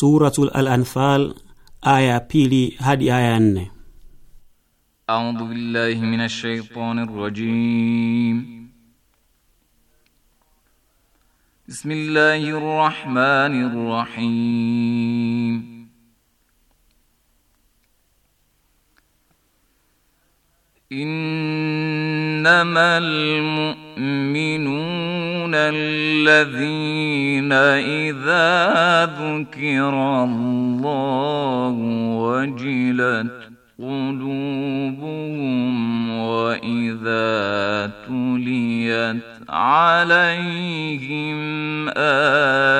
Suratul Al-Anfal aya ya pili hadi aya nne. A'udhu billahi minash shaitani rrajim. Bismillahir rahmanir rahim. إنما المؤمنون الذين إذا ذكر الله وجلت قلوبهم وإذا تليت عليهم آية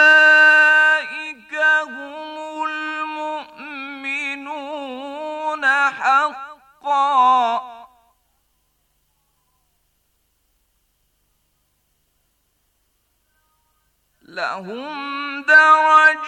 لهم درجات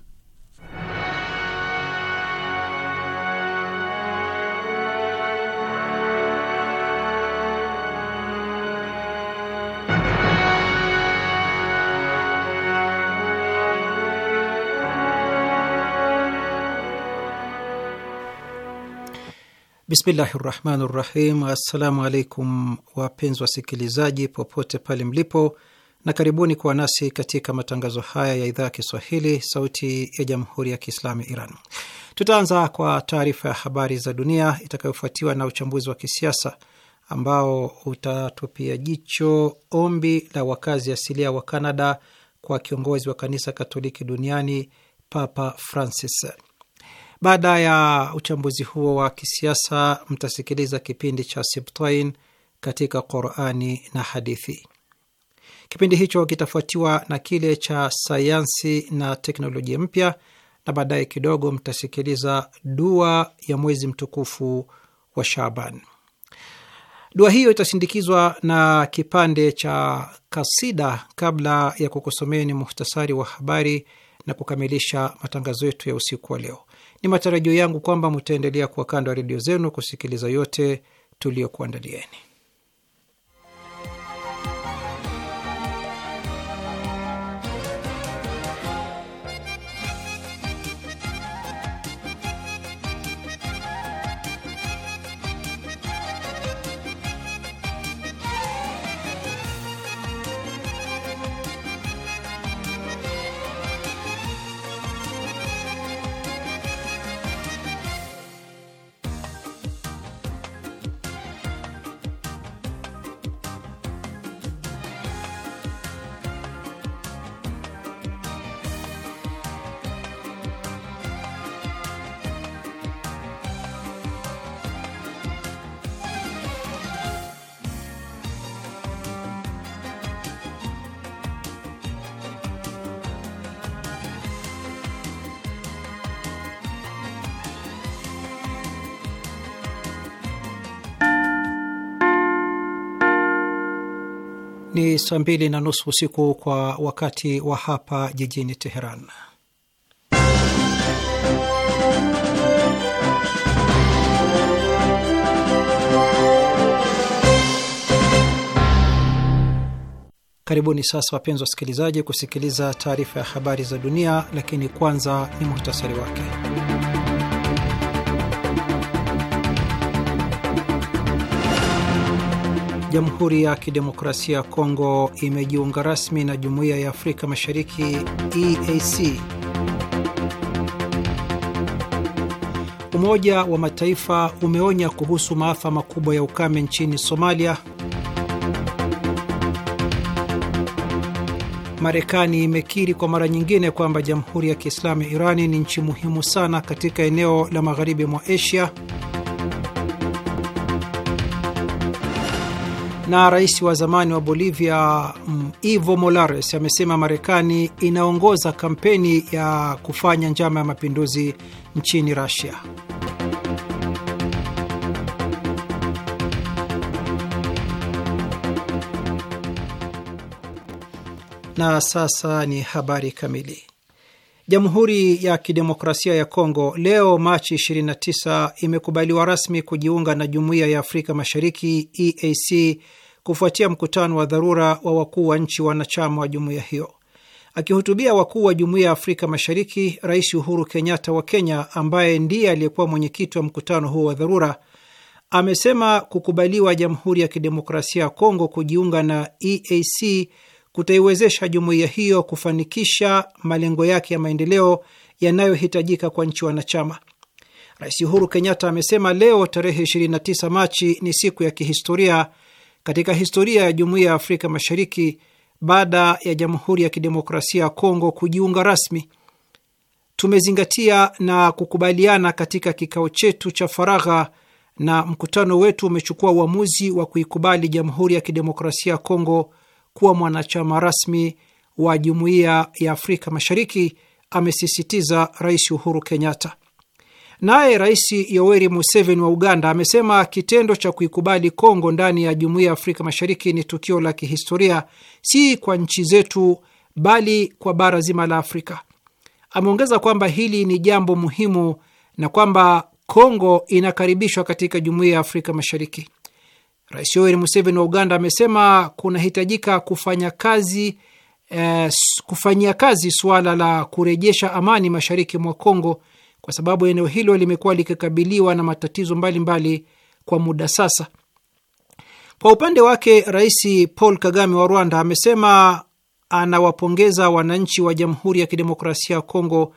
Bismillahi rahmani rahim. Assalamu alaikum wapenzi wasikilizaji popote pale mlipo, na karibuni kuwa nasi katika matangazo haya ya idhaa ya Kiswahili sauti ya jamhuri ya Kiislamu Iran. Tutaanza kwa taarifa ya habari za dunia itakayofuatiwa na uchambuzi wa kisiasa ambao utatupia jicho ombi la wakazi asilia wa Kanada kwa kiongozi wa kanisa Katoliki duniani Papa Francis. Baada ya uchambuzi huo wa kisiasa, mtasikiliza kipindi cha Sibtain katika Qurani na Hadithi. Kipindi hicho kitafuatiwa na kile cha sayansi na teknolojia mpya, na baadaye kidogo mtasikiliza dua ya mwezi mtukufu wa Shaban. Dua hiyo itasindikizwa na kipande cha kasida kabla ya kukusomeni muhtasari wa habari na kukamilisha matangazo yetu ya usiku wa leo. Ni matarajio yangu kwamba mtaendelea kuwa kando ya redio zenu kusikiliza yote tuliyokuandalieni. saa mbili na nusu usiku kwa wakati wa hapa jijini Teheran. Karibuni sasa, wapenzi wasikilizaji, kusikiliza taarifa ya habari za dunia, lakini kwanza ni muhtasari wake. Jamhuri ya Kidemokrasia ya Kongo imejiunga rasmi na Jumuiya ya Afrika Mashariki EAC. Umoja wa Mataifa umeonya kuhusu maafa makubwa ya ukame nchini Somalia. Marekani imekiri kwa mara nyingine kwamba Jamhuri ya Kiislamu ya Irani ni nchi muhimu sana katika eneo la magharibi mwa Asia. Na rais wa zamani wa Bolivia mm, Evo Morales amesema Marekani inaongoza kampeni ya kufanya njama ya mapinduzi nchini Russia. Na sasa ni habari kamili. Jamhuri ya Kidemokrasia ya Kongo leo Machi 29 imekubaliwa rasmi kujiunga na Jumuiya ya Afrika Mashariki EAC kufuatia mkutano wa dharura wa wakuu wa nchi wanachama wa jumuiya hiyo. Akihutubia wakuu wa Jumuiya ya Afrika Mashariki, Rais Uhuru Kenyatta wa Kenya, ambaye ndiye aliyekuwa mwenyekiti wa mkutano huo wa dharura, amesema kukubaliwa Jamhuri ya Kidemokrasia ya Kongo kujiunga na EAC kutaiwezesha jumuiya hiyo kufanikisha malengo yake ya maendeleo yanayohitajika kwa nchi wanachama. Rais Uhuru Kenyatta amesema leo tarehe 29 Machi ni siku ya kihistoria katika historia ya jumuiya ya Afrika Mashariki baada ya Jamhuri ya Kidemokrasia ya Kongo kujiunga rasmi. Tumezingatia na kukubaliana katika kikao chetu cha faragha na mkutano wetu umechukua uamuzi wa kuikubali Jamhuri ya Kidemokrasia ya Kongo kuwa mwanachama rasmi wa Jumuiya ya Afrika Mashariki, amesisitiza Rais Uhuru Kenyatta. Naye Rais Yoweri Museveni wa Uganda amesema kitendo cha kuikubali Kongo ndani ya Jumuiya ya Afrika Mashariki ni tukio la kihistoria, si kwa nchi zetu, bali kwa bara zima la Afrika. Ameongeza kwamba hili ni jambo muhimu na kwamba Kongo inakaribishwa katika Jumuiya ya Afrika Mashariki. Rais Yoweri Museveni wa Uganda amesema kunahitajika kufanya kazi eh, kufanyia kazi suala la kurejesha amani mashariki mwa Kongo kwa sababu eneo hilo limekuwa likikabiliwa na matatizo mbalimbali mbali kwa muda sasa. Kwa upande wake, Rais Paul Kagame wa Rwanda amesema anawapongeza wananchi wa Jamhuri ya Kidemokrasia ya Kongo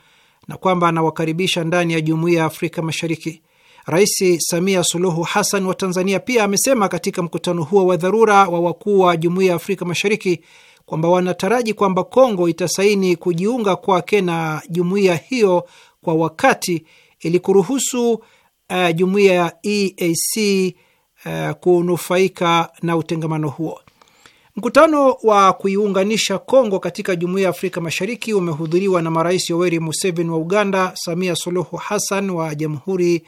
na kwamba anawakaribisha ndani ya Jumuiya ya Afrika Mashariki. Rais Samia Suluhu Hassan wa Tanzania pia amesema katika mkutano huo wa dharura wa wakuu wa Jumuiya ya Afrika Mashariki kwamba wanataraji kwamba Kongo itasaini kujiunga kwake na jumuiya hiyo kwa wakati ili kuruhusu uh, jumuiya ya EAC uh, eh, kunufaika na utengamano huo. Mkutano wa kuiunganisha Kongo katika jumuiya ya Afrika Mashariki umehudhuriwa na marais Yoweri Museveni wa Uganda, Samia Suluhu Hassan wa Jamhuri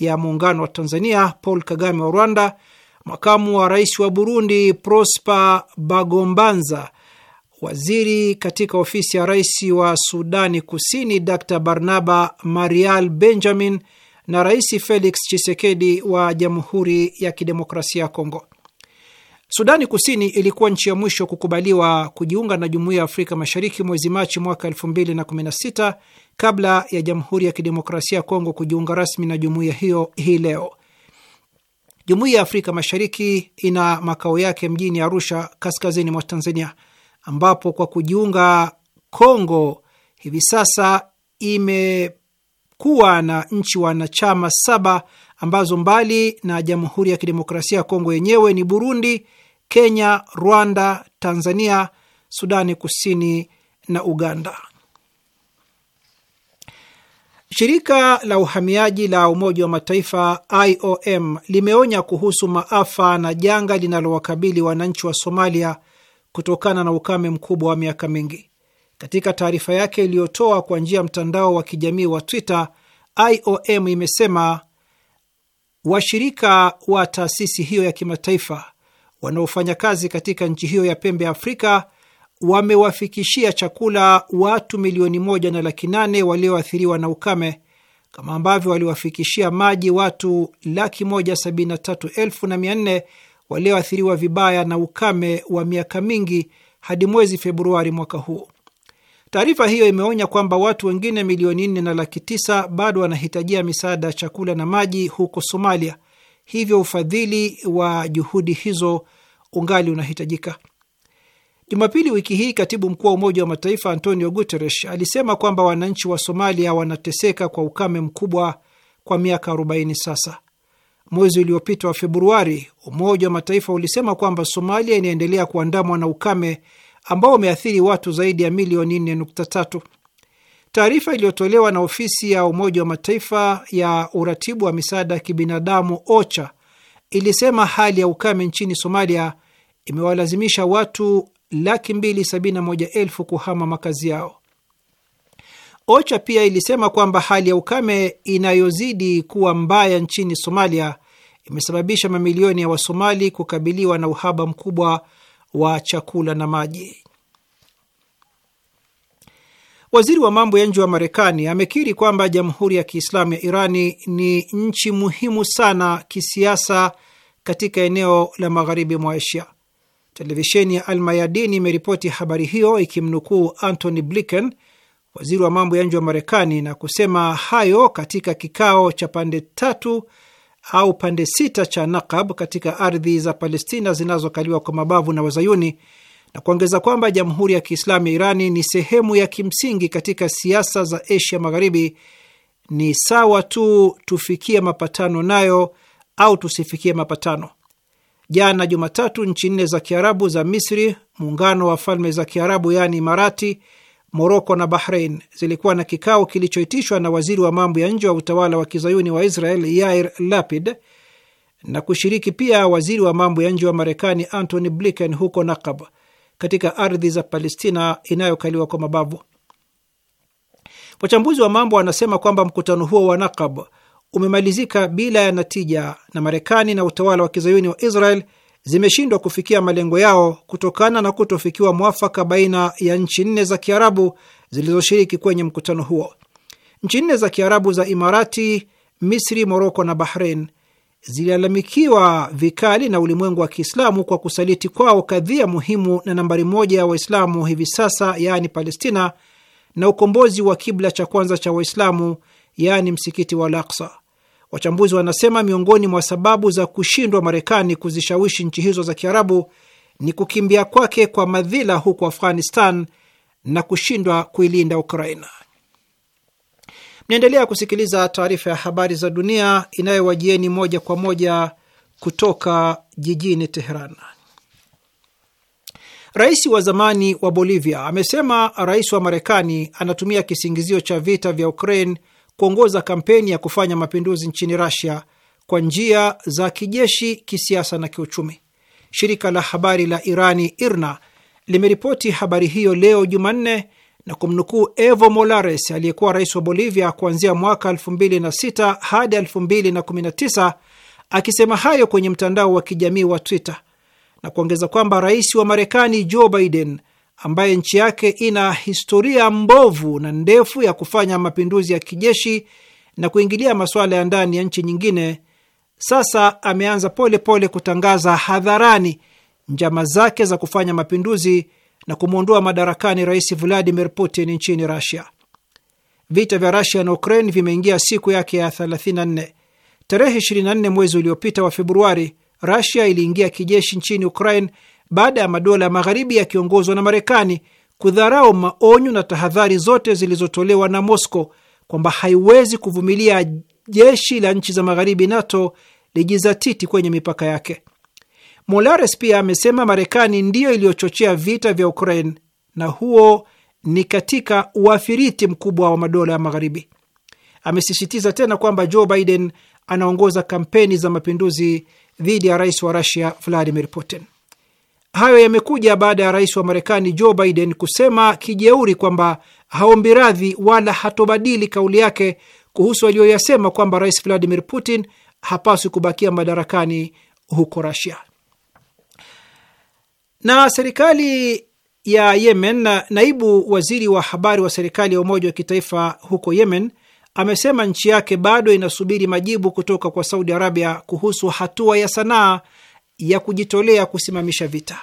ya Muungano wa Tanzania Paul Kagame wa Rwanda, makamu wa rais wa Burundi Prosper Bagombanza, waziri katika ofisi ya rais wa Sudani Kusini Dr Barnaba Marial Benjamin na Rais Felix chisekedi wa Jamhuri ya Kidemokrasia ya Kongo. Sudani Kusini ilikuwa nchi ya mwisho kukubaliwa kujiunga na Jumuiya ya Afrika Mashariki mwezi Machi mwaka 2016 kabla ya Jamhuri ya Kidemokrasia ya Kongo kujiunga rasmi na jumuiya hiyo hii leo. Jumuiya ya Afrika Mashariki ina makao yake mjini Arusha, kaskazini mwa Tanzania, ambapo kwa kujiunga Kongo hivi sasa imekuwa na nchi wanachama saba ambazo mbali na Jamhuri ya Kidemokrasia ya Kongo yenyewe ni Burundi, Kenya, Rwanda, Tanzania, Sudani Kusini na Uganda. Shirika la uhamiaji la Umoja wa Mataifa IOM limeonya kuhusu maafa na janga linalowakabili wananchi wa Somalia kutokana na ukame mkubwa wa miaka mingi. Katika taarifa yake iliyotoa kwa njia ya mtandao wa kijamii wa Twitter, IOM imesema Washirika wa taasisi hiyo ya kimataifa wanaofanya kazi katika nchi hiyo ya pembe ya Afrika wamewafikishia chakula watu milioni moja na laki nane walioathiriwa na ukame kama ambavyo waliwafikishia maji watu laki moja sabini na tatu elfu na mia nne walioathiriwa vibaya na ukame wa miaka mingi hadi mwezi Februari mwaka huu. Taarifa hiyo imeonya kwamba watu wengine milioni nne na laki tisa bado wanahitajia misaada ya chakula na maji huko Somalia, hivyo ufadhili wa juhudi hizo ungali unahitajika. Jumapili wiki hii katibu mkuu wa Umoja wa Mataifa Antonio Guterres alisema kwamba wananchi wa Somalia wanateseka kwa ukame mkubwa kwa miaka 40 sasa. Mwezi uliopita wa Februari, Umoja wa Mataifa ulisema kwamba Somalia inaendelea kuandamwa na ukame ambao wameathiri watu zaidi ya milioni 4.3. Taarifa iliyotolewa na ofisi ya Umoja wa Mataifa ya uratibu wa misaada ya kibinadamu OCHA ilisema hali ya ukame nchini Somalia imewalazimisha watu laki mbili sabini na moja elfu kuhama makazi yao. OCHA pia ilisema kwamba hali ya ukame inayozidi kuwa mbaya nchini Somalia imesababisha mamilioni ya Wasomali kukabiliwa na uhaba mkubwa wa chakula na maji. Waziri wa mambo ya nje wa Marekani amekiri kwamba Jamhuri ya Kiislamu ya Irani ni nchi muhimu sana kisiasa katika eneo la magharibi mwa Asia. Televisheni ya Almayadin imeripoti habari hiyo ikimnukuu Antony Blinken, waziri wa mambo ya nje wa Marekani, na kusema hayo katika kikao cha pande tatu au pande sita cha Nakab katika ardhi za Palestina zinazokaliwa kwa mabavu na Wazayuni, na kuongeza kwamba Jamhuri ya Kiislamu ya Irani ni sehemu ya kimsingi katika siasa za Asia Magharibi. Ni sawa tu tufikie mapatano nayo au tusifikie mapatano. Jana Jumatatu, nchi nne za Kiarabu za Misri, Muungano wa Falme za Kiarabu yaani Imarati, Moroko na Bahrein zilikuwa na kikao kilichoitishwa na waziri wa mambo ya nje wa utawala wa kizayuni wa Israel Yair Lapid na kushiriki pia waziri wa mambo ya nje wa Marekani Antony Blinken huko Nakab katika ardhi za Palestina inayokaliwa kwa mabavu. Wachambuzi wa mambo wanasema kwamba mkutano huo wa Nakab umemalizika bila ya natija na Marekani na utawala wa kizayuni wa Israel zimeshindwa kufikia malengo yao kutokana na kutofikiwa mwafaka baina ya nchi nne za Kiarabu zilizoshiriki kwenye mkutano huo. Nchi nne za Kiarabu za Imarati, Misri, Moroko na Bahrein zililalamikiwa vikali na ulimwengu wa Kiislamu kwa kusaliti kwao kadhia muhimu na nambari moja ya Waislamu hivi sasa, yaani Palestina, na ukombozi wa kibla cha kwanza cha Waislamu, yaani msikiti wa Al-Aqsa. Wachambuzi wanasema miongoni mwa sababu za kushindwa Marekani kuzishawishi nchi hizo za Kiarabu ni kukimbia kwake kwa madhila huko Afghanistan na kushindwa kuilinda Ukraina. Mnaendelea kusikiliza taarifa ya habari za dunia inayowajieni moja kwa moja kutoka jijini Teheran. Rais wa zamani wa Bolivia amesema rais wa Marekani anatumia kisingizio cha vita vya Ukraine kuongoza kampeni ya kufanya mapinduzi nchini Russia kwa njia za kijeshi, kisiasa na kiuchumi. Shirika la habari la Irani IRNA limeripoti habari hiyo leo Jumanne na kumnukuu Evo Morales aliyekuwa rais wa Bolivia kuanzia mwaka 2006 hadi 2019 akisema hayo kwenye mtandao wa kijamii wa Twitter na kuongeza kwamba rais wa Marekani Joe Biden ambaye nchi yake ina historia mbovu na ndefu ya kufanya mapinduzi ya kijeshi na kuingilia masuala ya ndani ya nchi nyingine, sasa ameanza polepole pole kutangaza hadharani njama zake za kufanya mapinduzi na kumwondoa madarakani Rais Vladimir Putin nchini Russia. Vita vya Russia na Ukraine vimeingia siku yake ya 34. Tarehe 24 mwezi uliopita wa Februari, Russia iliingia kijeshi nchini Ukraine baada ya madola ya magharibi yakiongozwa na Marekani kudharau maonyo na tahadhari zote zilizotolewa na Moscow kwamba haiwezi kuvumilia jeshi la nchi za magharibi NATO lijizatiti kwenye mipaka yake. Molares pia amesema Marekani ndiyo iliyochochea vita vya Ukraine na huo ni katika uafiriti mkubwa wa madola ya magharibi. Amesisitiza tena kwamba Joe Biden anaongoza kampeni za mapinduzi dhidi ya rais wa Rusia Vladimir Putin. Hayo yamekuja baada ya rais wa Marekani Joe Biden kusema kijeuri kwamba haombi radhi wala hatobadili kauli yake kuhusu aliyoyasema kwamba rais Vladimir Putin hapaswi kubakia madarakani huko rasia Na serikali ya Yemen na naibu waziri wa habari wa serikali ya umoja wa kitaifa huko Yemen amesema nchi yake bado inasubiri majibu kutoka kwa Saudi Arabia kuhusu hatua ya Sanaa ya kujitolea kusimamisha vita.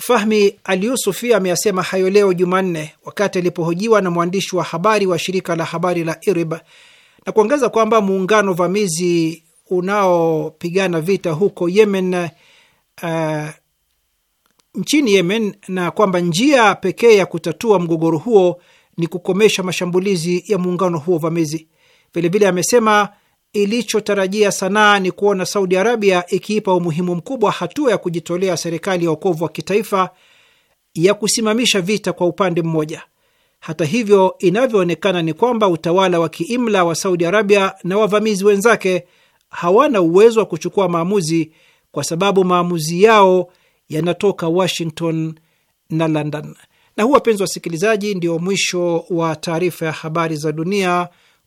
Fahmi Alyusufi ameyasema hayo leo Jumanne wakati alipohojiwa na mwandishi wa habari wa shirika la habari la IRIB na kuongeza kwamba muungano vamizi unaopigana vita huko Yemen, uh, nchini Yemen, na kwamba njia pekee ya kutatua mgogoro huo ni kukomesha mashambulizi ya muungano huo vamizi. Vilevile amesema ilichotarajia sanaa ni kuona Saudi Arabia ikiipa umuhimu mkubwa hatua ya kujitolea serikali ya wokovu wa kitaifa ya kusimamisha vita kwa upande mmoja. Hata hivyo, inavyoonekana ni kwamba utawala wa kiimla wa Saudi Arabia na wavamizi wenzake hawana uwezo wa kuchukua maamuzi kwa sababu maamuzi yao yanatoka Washington na London. Na huu, wapenzi wasikilizaji, ndio mwisho wa taarifa ya habari za dunia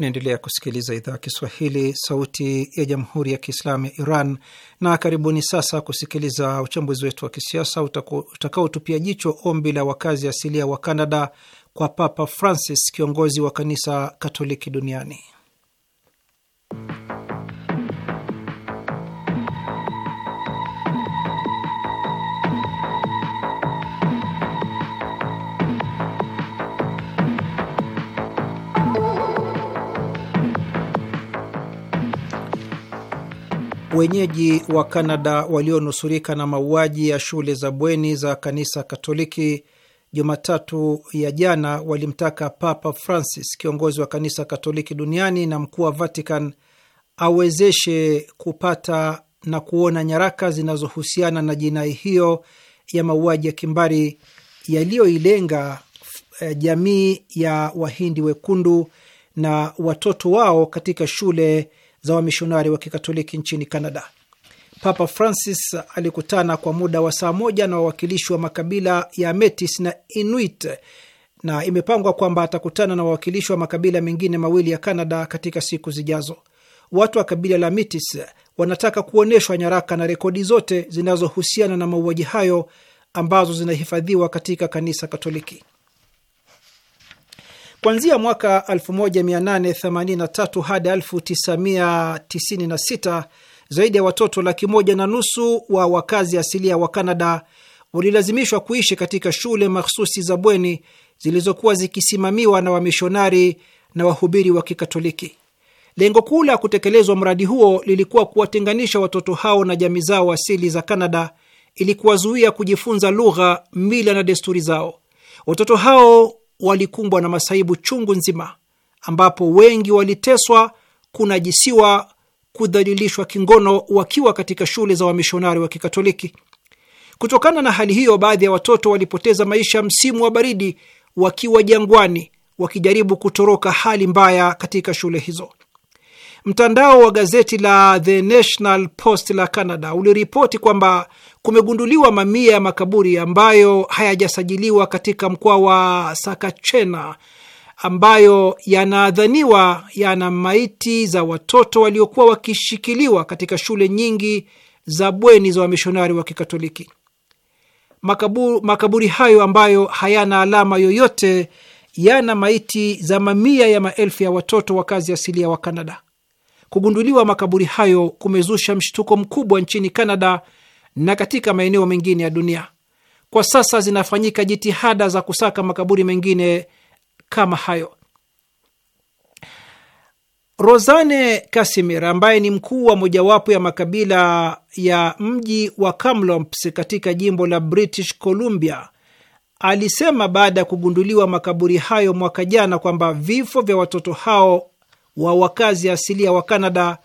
Naendelea kusikiliza idhaa ya Kiswahili, sauti ya jamhuri ya kiislamu ya Iran. Na karibuni sasa kusikiliza uchambuzi wetu wa kisiasa utakaotupia jicho ombi la wakazi asilia wa Kanada kwa Papa Francis, kiongozi wa kanisa Katoliki duniani. wenyeji wa Kanada walionusurika na mauaji ya shule za bweni za kanisa Katoliki Jumatatu ya jana walimtaka Papa Francis, kiongozi wa kanisa Katoliki duniani na mkuu wa Vatican, awezeshe kupata na kuona nyaraka zinazohusiana na jinai hiyo ya mauaji ya kimbari yaliyoilenga eh, jamii ya Wahindi wekundu na watoto wao katika shule za wamishonari wa kikatoliki nchini Kanada. Papa Francis alikutana kwa muda wa saa moja na wawakilishi wa makabila ya Metis na Inuit na imepangwa kwamba atakutana na wawakilishi wa makabila mengine mawili ya canada katika siku zijazo. Watu wa kabila la Metis wanataka kuonyeshwa nyaraka na rekodi zote zinazohusiana na mauaji hayo ambazo zinahifadhiwa katika kanisa Katoliki. Kuanzia mwaka 1883 hadi 1996 zaidi ya watoto laki moja na nusu wa wakazi asilia wa Kanada walilazimishwa kuishi katika shule mahsusi za bweni zilizokuwa zikisimamiwa na wamishonari na wahubiri wa Kikatoliki. Lengo kuu la kutekelezwa mradi huo lilikuwa kuwatenganisha watoto hao na jamii zao asili za Kanada ili kuwazuia kujifunza lugha, mila na desturi zao. Watoto hao walikumbwa na masaibu chungu nzima, ambapo wengi waliteswa, kunajisiwa, kudhalilishwa kingono wakiwa katika shule za wamishonari wa Kikatoliki. Kutokana na hali hiyo, baadhi ya watoto walipoteza maisha msimu wa baridi wakiwa jangwani, wakijaribu kutoroka hali mbaya katika shule hizo. Mtandao wa gazeti la The National Post la Canada uliripoti kwamba kumegunduliwa mamia ya makaburi ambayo hayajasajiliwa katika mkoa wa Sakachena ambayo yanadhaniwa yana maiti za watoto waliokuwa wakishikiliwa katika shule nyingi za bweni za wamishonari wa Kikatoliki. Makaburi, makaburi hayo ambayo hayana alama yoyote yana maiti za mamia ya maelfu ya watoto wa kazi asilia wa Kanada. Kugunduliwa makaburi hayo kumezusha mshtuko mkubwa nchini Kanada na katika maeneo mengine ya dunia. Kwa sasa zinafanyika jitihada za kusaka makaburi mengine kama hayo. Rosane Kasimir ambaye ni mkuu wa mojawapo ya makabila ya mji wa Kamloops katika jimbo la British Columbia alisema baada ya kugunduliwa makaburi hayo mwaka jana kwamba vifo vya watoto hao wa wakazi asilia wa Kanada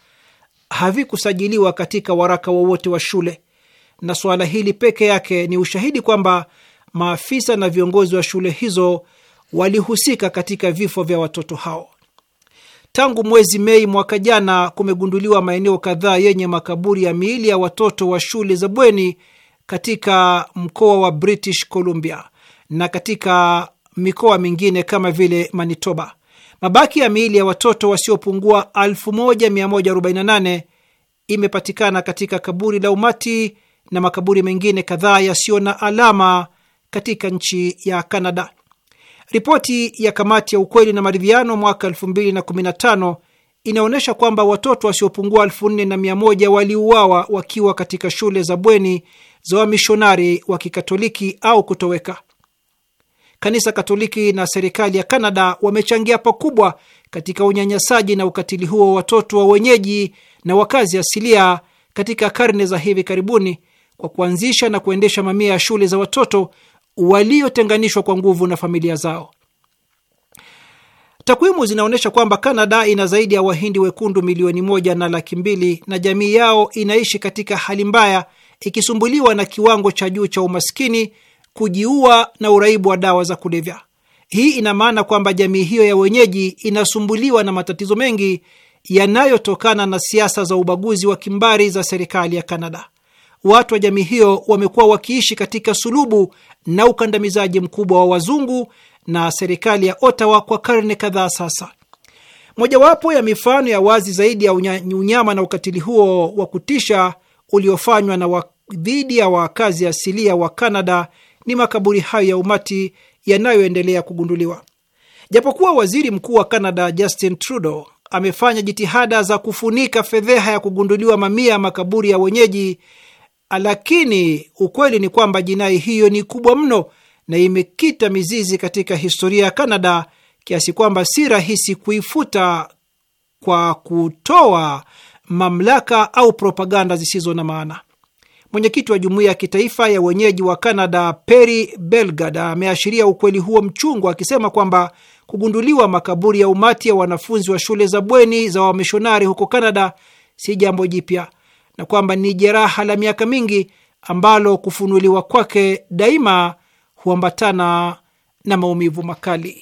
havikusajiliwa katika waraka wowote wa, wa shule, na suala hili peke yake ni ushahidi kwamba maafisa na viongozi wa shule hizo walihusika katika vifo vya watoto hao. Tangu mwezi Mei mwaka jana kumegunduliwa maeneo kadhaa yenye makaburi ya miili ya watoto wa shule za bweni katika mkoa wa British Columbia na katika mikoa mingine kama vile Manitoba. Mabaki ya miili ya watoto wasiopungua 1148 imepatikana katika kaburi la umati na makaburi mengine kadhaa yasiyo na alama katika nchi ya Kanada. Ripoti ya kamati ya ukweli na maridhiano mwaka 2015 inaonyesha kwamba watoto wasiopungua 4100 waliuawa wakiwa katika shule za bweni za wamishonari wa Kikatoliki au kutoweka. Kanisa Katoliki na serikali ya Kanada wamechangia pakubwa katika unyanyasaji na ukatili huo wa watoto wa wenyeji na wakazi asilia katika karne za hivi karibuni kwa kuanzisha na kuendesha mamia ya shule za watoto waliotenganishwa kwa nguvu na familia zao. Takwimu zinaonyesha kwamba Kanada ina zaidi ya Wahindi wekundu milioni moja na laki mbili na jamii yao inaishi katika hali mbaya, ikisumbuliwa na kiwango cha juu cha umaskini kujiua na uraibu wa dawa za kulevya. Hii ina maana kwamba jamii hiyo ya wenyeji inasumbuliwa na matatizo mengi yanayotokana na siasa za ubaguzi wa kimbari za serikali ya Kanada. Watu wa jamii hiyo wamekuwa wakiishi katika sulubu na ukandamizaji mkubwa wa wazungu na serikali ya Ottawa kwa karne kadhaa sasa. Mojawapo ya mifano ya wazi zaidi ya unyama na ukatili huo wa kutisha uliofanywa na dhidi ya wakazi asilia wa Kanada ni makaburi hayo ya umati yanayoendelea kugunduliwa. Japokuwa waziri mkuu wa Canada Justin Trudeau amefanya jitihada za kufunika fedheha ya kugunduliwa mamia ya makaburi ya wenyeji, lakini ukweli ni kwamba jinai hiyo ni kubwa mno na imekita mizizi katika historia ya Canada kiasi kwamba si rahisi kuifuta kwa kutoa mamlaka au propaganda zisizo na maana. Mwenyekiti wa jumuiya ya kitaifa ya wenyeji wa Canada Perry Belgard ameashiria ukweli huo mchungu akisema kwamba kugunduliwa makaburi ya umati ya wanafunzi wa shule za bweni za wamishonari huko Canada si jambo jipya na kwamba ni jeraha la miaka mingi ambalo kufunuliwa kwake daima huambatana na maumivu makali.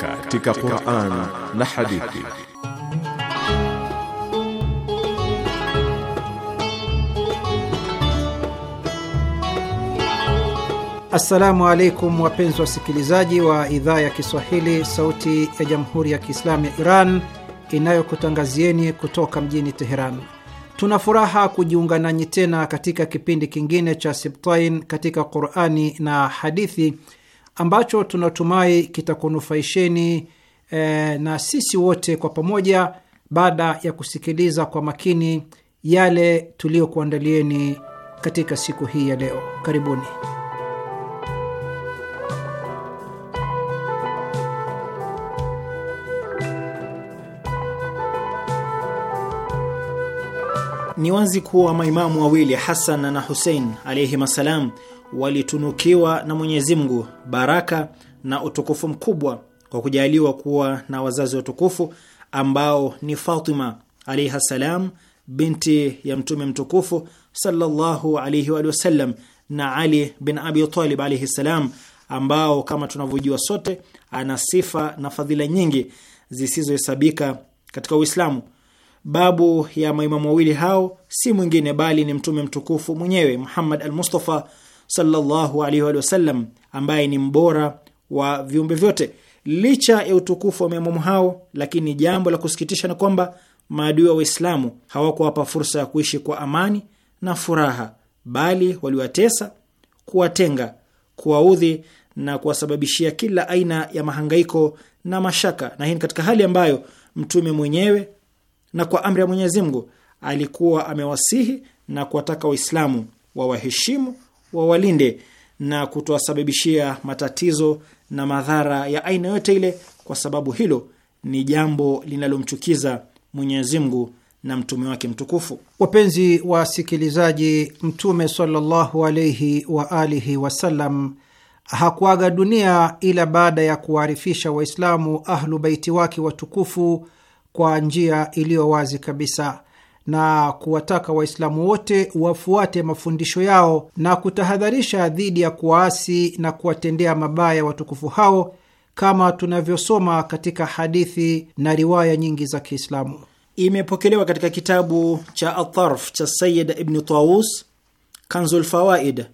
katika Qur'an na hadithi. Assalamu alaikum wapenzi wasikilizaji wa idhaa ya Kiswahili sauti ya Jamhuri ya Kiislamu ya Iran inayokutangazieni kutoka mjini Teheran. Tuna furaha kujiunga nanyi tena katika kipindi kingine cha Sibtain katika Qurani na hadithi ambacho tunatumai kitakunufaisheni e, na sisi wote kwa pamoja, baada ya kusikiliza kwa makini yale tuliyokuandalieni katika siku hii ya leo. Karibuni. Ni wazi kuwa maimamu wawili Hasan na Husein alaihim assalam walitunukiwa na Mwenyezi Mungu baraka na utukufu mkubwa kwa kujaliwa kuwa na wazazi watukufu ambao ni Fatima alaihi ssalam binti ya mtume mtukufu sallallahu alaihi wa sallam na Ali bin Abi Talib alaihi ssalam, ambao kama tunavyojua sote ana sifa na fadhila nyingi zisizohesabika katika Uislamu. Babu ya maimamu wawili hao si mwingine bali ni mtume mtukufu mwenyewe Muhammad al-Mustafa sallallahu alaihi wa sallam, ambaye ni mbora wa viumbe vyote. Licha ya utukufu wa maimamu hao, lakini jambo la kusikitisha ni kwamba maadui wa Waislamu hawakuwapa fursa ya kuishi kwa amani na furaha, bali waliwatesa, kuwatenga, kuwaudhi na kuwasababishia kila aina ya mahangaiko na mashaka, na hii ni katika hali ambayo mtume mwenyewe na kwa amri ya Mwenyezi Mungu alikuwa amewasihi na kuwataka Waislamu wawaheshimu wawalinde na kutowasababishia matatizo na madhara ya aina yote ile, kwa sababu hilo ni jambo linalomchukiza Mwenyezi Mungu na mtume wake mtukufu. Wapenzi wasikilizaji, Mtume sallallahu alaihi wa alihi wasallam hakuaga dunia ila baada ya kuwaarifisha Waislamu ahlu baiti wake watukufu kwa njia iliyo wazi kabisa na kuwataka Waislamu wote wafuate mafundisho yao na kutahadharisha dhidi ya kuwaasi na kuwatendea mabaya watukufu hao kama tunavyosoma katika hadithi na riwaya nyingi za Kiislamu. Imepokelewa katika kitabu cha Atarf cha Sayid Ibni Taus, Kanzul Fawaid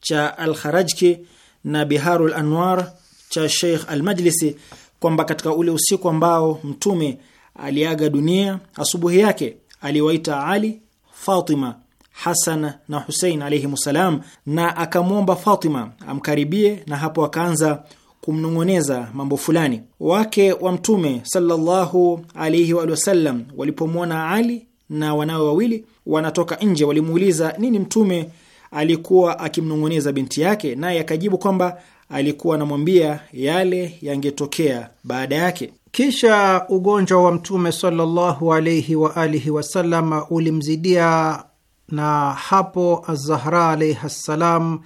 cha Alkharajki na Biharul Anwar cha Sheikh Almajlisi kwamba katika ule usiku ambao Mtume aliaga dunia, asubuhi yake aliwaita Ali, Fatima, Hasan na Husein alaihimussalam, na akamwomba Fatima amkaribie, na hapo akaanza kumnong'oneza mambo fulani. Wake wa Mtume sallallahu alaihi wa sallam walipomwona Ali na wanawe wawili wanatoka nje, walimuuliza nini Mtume alikuwa akimnong'oneza binti yake, naye akajibu kwamba alikuwa anamwambia yale yangetokea baada yake. Kisha ugonjwa wa Mtume sallallahu alaihi wa alihi wasallam ulimzidia, na hapo Azahra alaihi ssalam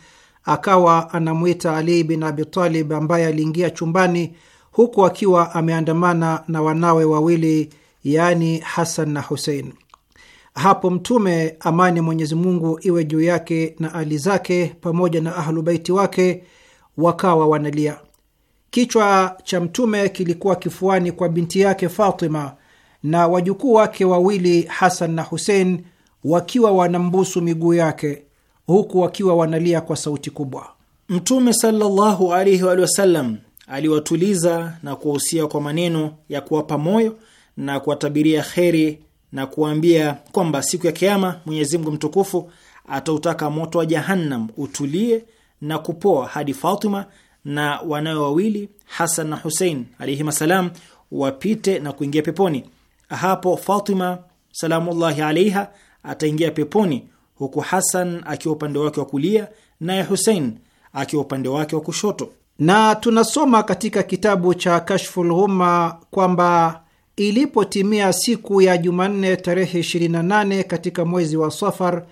akawa anamwita Ali bin Abitalib ambaye aliingia chumbani huku akiwa ameandamana na wanawe wawili, yaani Hasan na Husein. Hapo Mtume, amani ya Mwenyezi Mungu iwe juu yake na ali zake, pamoja na ahlubaiti wake, wakawa wanalia. Kichwa cha Mtume kilikuwa kifuani kwa binti yake Fatima na wajukuu wake wawili Hasan na Husein wakiwa wanambusu miguu yake huku wakiwa wanalia kwa sauti kubwa. Mtume sallallahu alaihi wa sallam aliwatuliza na kuwahusia kwa maneno ya kuwapa moyo na kuwatabiria kheri na kuwaambia kwamba siku ya Kiama Mwenyezi Mungu mtukufu atautaka moto wa Jahannam utulie na kupoa hadi Fatima na wanawe wawili Hasan na Husein alaihim assalam wapite na kuingia peponi. Hapo Fatima salamullahi alaiha ataingia peponi huku Hasan akiwa upande wake wa kulia naye Husein akiwa upande wake wa kushoto. Na tunasoma katika kitabu cha Kashful Ghumma kwamba ilipotimia siku ya Jumanne tarehe 28 katika mwezi wa Safar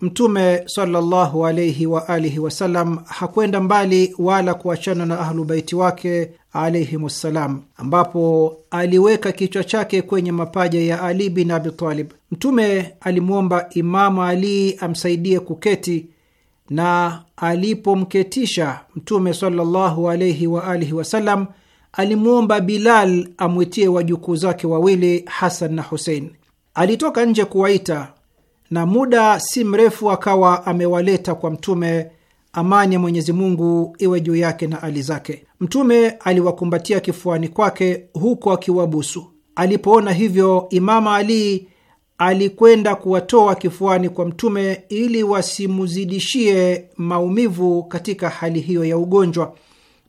Mtume sallallahu alaihi wa alihi wasallam hakwenda mbali wala kuachana na ahlubaiti wake alaihimussalam, ambapo aliweka kichwa chake kwenye mapaja ya Ali bin Abi Talib. Mtume alimwomba Imamu Ali amsaidie kuketi, na alipomketisha Mtume sallallahu alaihi wa alihi wasallam alimwomba Bilal amwitie wajukuu zake wawili Hasan na Husein. Alitoka nje kuwaita na muda si mrefu akawa amewaleta kwa Mtume, amani ya Mwenyezi Mungu iwe juu yake na ali zake. Mtume aliwakumbatia kifuani kwake huku akiwabusu. Alipoona hivyo, Imama Ali alikwenda kuwatoa kifuani kwa Mtume ili wasimuzidishie maumivu katika hali hiyo ya ugonjwa,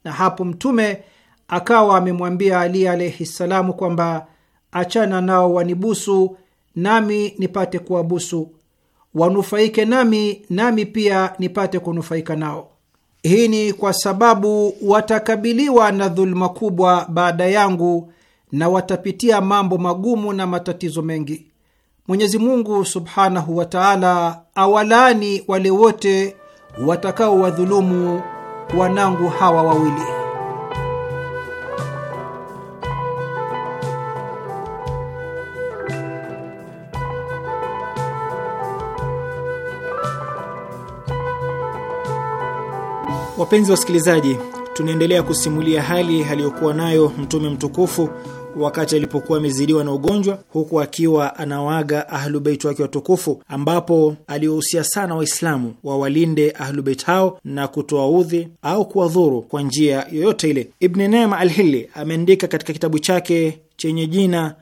na hapo Mtume akawa amemwambia Ali alaihi ssalamu kwamba achana nao wanibusu nami nipate kuwabusu, wanufaike nami, nami pia nipate kunufaika nao. Hii ni kwa sababu watakabiliwa na dhuluma kubwa baada yangu na watapitia mambo magumu na matatizo mengi. Mwenyezi Mungu subhanahu wa taala awalaani wale wote watakaowadhulumu wanangu hawa wawili. Wapenzi wasikilizaji, tunaendelea kusimulia hali aliyokuwa nayo Mtume mtukufu wakati alipokuwa amezidiwa na ugonjwa huku akiwa anawaga ahlubeit wake watukufu, ambapo aliwahusia sana Waislamu wawalinde ahlubeit hao na kutoa udhi au kuwadhuru kwa njia yoyote ile. ibni Nema Alhili ameandika katika kitabu chake chenye jina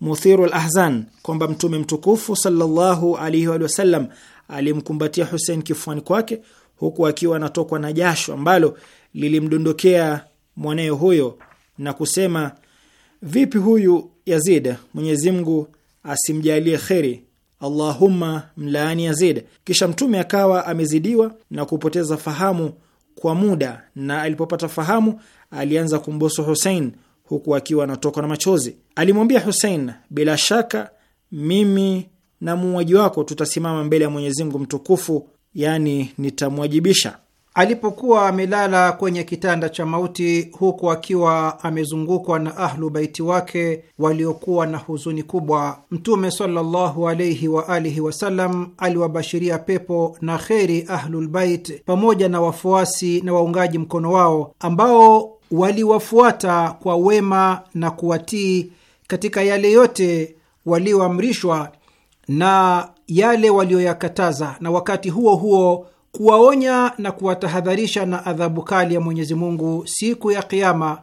Muthiru Lahzan kwamba Mtume mtukufu sallallahu alaihi wasallam alimkumbatia Husein kifuani kwake huku akiwa anatokwa na jasho ambalo lilimdondokea mwanaye huyo na kusema, vipi huyu Yazid, Mwenyezi Mungu asimjalie kheri, Allahumma mlaani Yazid. Kisha Mtume akawa amezidiwa na kupoteza fahamu kwa muda, na alipopata fahamu alianza kumboso Husein huku akiwa anatokwa na machozi. Alimwambia Husein, bila shaka mimi na muuaji wako tutasimama mbele ya Mwenyezi Mungu mtukufu yani nitamwajibisha. Alipokuwa amelala kwenye kitanda cha mauti huku akiwa amezungukwa na ahlu baiti wake waliokuwa na huzuni kubwa, Mtume sallallahu alaihi wa alihi wasallam aliwabashiria pepo na kheri ahlulbait pamoja na wafuasi na waungaji mkono wao ambao waliwafuata kwa wema na kuwatii katika yale yote walioamrishwa na yale walioyakataza, na wakati huo huo kuwaonya na kuwatahadharisha na adhabu kali ya Mwenyezi Mungu siku ya Kiama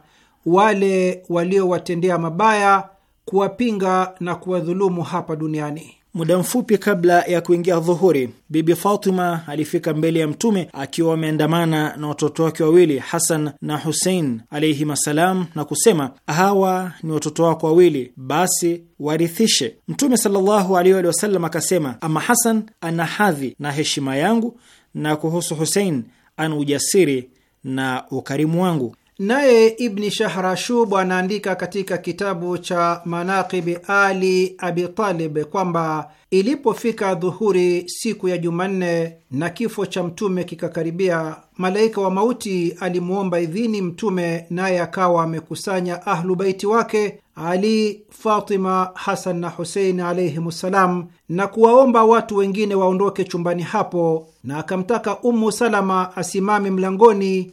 wale waliowatendea mabaya, kuwapinga na kuwadhulumu hapa duniani. Muda mfupi kabla ya kuingia dhuhuri, Bibi Fatima alifika mbele ya Mtume akiwa ameandamana na watoto wake wawili Hasan na Husein alaihim assalam, na kusema, hawa ni watoto wako wawili, basi warithishe. Mtume sallallahu alaihi wasallam akasema, ama Hasan ana hadhi na heshima yangu, na kuhusu Husein ana ujasiri na ukarimu wangu. Naye Ibni Shahrashub anaandika katika kitabu cha Manaqibi Ali abitalib kwamba ilipofika dhuhuri siku ya Jumanne na kifo cha Mtume kikakaribia, malaika wa mauti alimwomba idhini Mtume, naye akawa amekusanya Ahlu Baiti wake Ali, Fatima, Hasan na Husein alaihim ssalam, na kuwaomba watu wengine waondoke chumbani hapo, na akamtaka Ummu Salama asimame mlangoni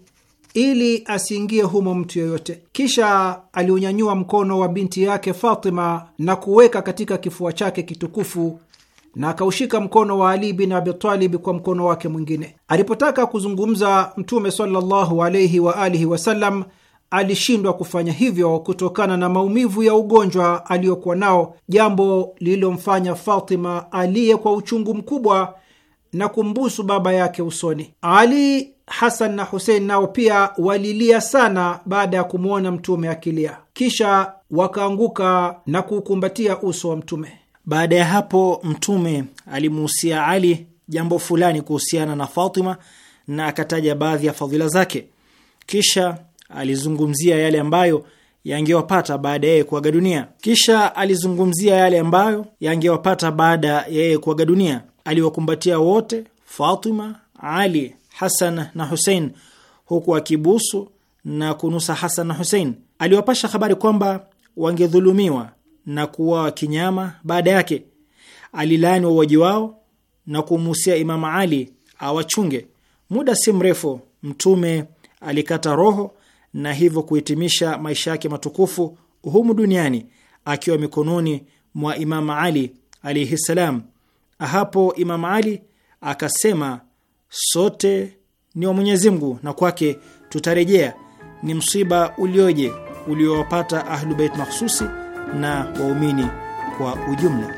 ili asiingie humo mtu yoyote. Kisha aliunyanyua mkono wa binti yake Fatima na kuweka katika kifua chake kitukufu na akaushika mkono wa Ali bin Abi Talib kwa mkono wake mwingine. Alipotaka kuzungumza, Mtume sallallahu alayhi wa alihi wasallam alishindwa kufanya hivyo kutokana na maumivu ya ugonjwa aliyokuwa nao, jambo lililomfanya Fatima aliye kwa uchungu mkubwa na kumbusu baba yake usoni. Ali Hasan na Husein nao pia walilia sana baada ya kumwona mtume akilia, kisha wakaanguka na kuukumbatia uso wa mtume. Baada ya hapo, mtume alimuhusia Ali jambo fulani kuhusiana na Fatima na akataja baadhi ya fadhila zake. Kisha alizungumzia yale ambayo yangewapata baada ya yeye kuaga dunia. Kisha alizungumzia yale ambayo yangewapata baada ya yeye kuaga dunia. Aliwakumbatia wote Fatima, Ali Hasan na Husein huku akibusu na kunusa Hasan na Husein. Aliwapasha habari kwamba wangedhulumiwa na kuuawa kinyama. Baada yake alilaani wauaji wao na kumuhusia Imamu Ali awachunge. Muda si mrefu Mtume alikata roho na hivyo kuhitimisha maisha yake matukufu humu duniani akiwa mikononi mwa Imamu Ali alaihi ssalam. Hapo Imamu Ali akasema sote ni wa Mwenyezi Mungu na kwake tutarejea. Ni msiba ulioje uliowapata ahlubeit Bait mahsusi na waumini kwa ujumla.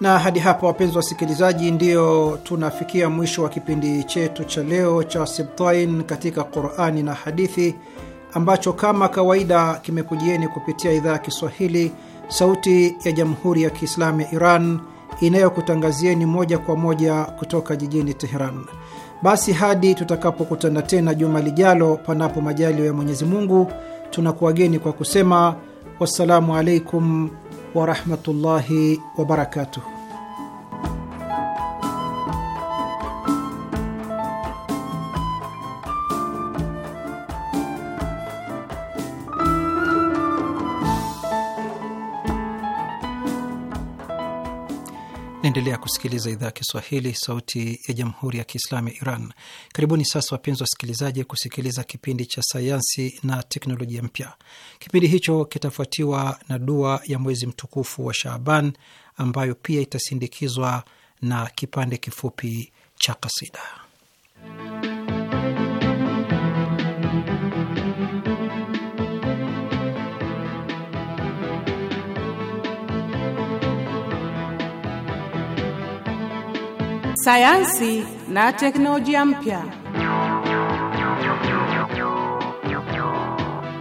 Na hadi hapa, wapenzi wasikilizaji, ndio tunafikia mwisho wa kipindi chetu cha leo cha Sibtain katika Qurani na Hadithi ambacho kama kawaida kimekujieni kupitia idhaa ya Kiswahili, Sauti ya Jamhuri ya Kiislamu ya Iran inayokutangazieni moja kwa moja kutoka jijini Teheran. Basi hadi tutakapokutana tena juma lijalo, panapo majali ya Mwenyezi Mungu, tunakuwageni kwa kusema wassalamu alaikum warahmatullahi wabarakatuh. Naendelea kusikiliza idhaa ya Kiswahili, sauti ya jamhuri ya kiislamu ya Iran. Karibuni sasa, wapenzi wasikilizaji, kusikiliza kipindi cha sayansi na teknolojia mpya. Kipindi hicho kitafuatiwa na dua ya mwezi mtukufu wa Shaaban, ambayo pia itasindikizwa na kipande kifupi cha kasida. sayansi na teknolojia mpya.